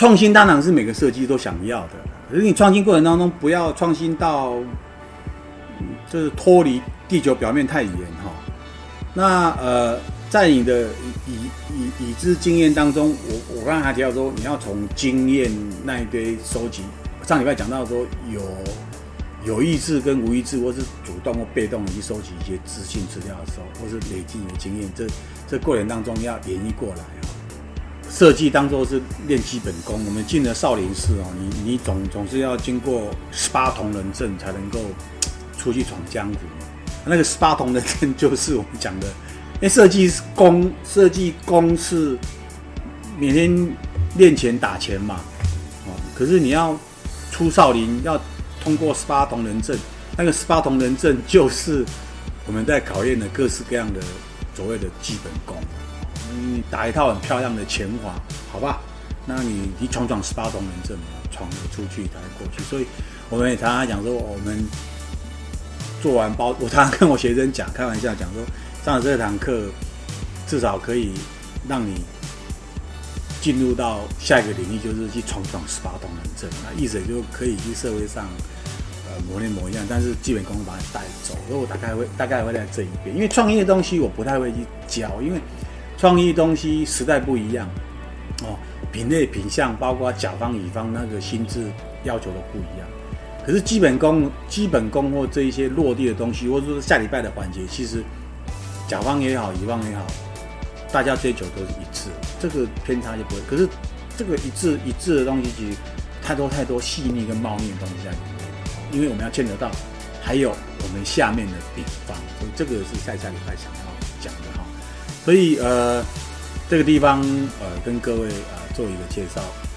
創新當然是每個設計都想要的，可是你創新過程當中不要創新到就是脫離地球表面太遠哈。那呃，在你的已已已知經驗當中，我我剛才還提到說，你要從經驗那一堆收集。上禮拜講到說有有意識跟無意識，或是主動或被動的去收集一些資訊資料的時候，或是累積你的經驗，這這過程當中要演繹過來。設計當做是練基本功。我們進了少林寺哦，你你總總是要經過十八銅人陣才能夠出去闖江湖。那個十八銅人陣就是我們講的，因為設計功設計功是每天練拳打拳嘛，可是你要出少林要通過十八銅人陣，那個十八銅人陣就是我們在考驗的各式各樣的所謂的基本功。你、嗯、打一套很漂亮的拳法，好吧？那你一闖闖十八銅人陣，闖了出去才過去。所以我們也常常講說，我們做完包，我常常跟我學生講，開玩笑講說，上了這堂課至少可以讓你進入到下一個領域，就是去闖闖十八銅人陣。那意思就可以去社會上呃磨練磨一樣，但是基本功會把它帶走。所以我大概會大概會在這一邊，因為創業的東西我不太會去教，因為。創意東西時代不一樣，哦，品類品相，包括甲方乙方那個薪資要求都不一樣。可是基本功、基本功或這一些落地的東西，或者說下禮拜的環節，其實甲方也好，乙方也好，大家追求都是一致，這個偏差就不會。可是這個一致一致的東西，其實太多太多細膩跟貓膩的東西在裡面，因為我們要牽得到。還有我們下面的丙方，所以這個是下下禮拜想要講的哈。所以，呃，這個地方，呃，跟各位啊，呃，做一個介紹。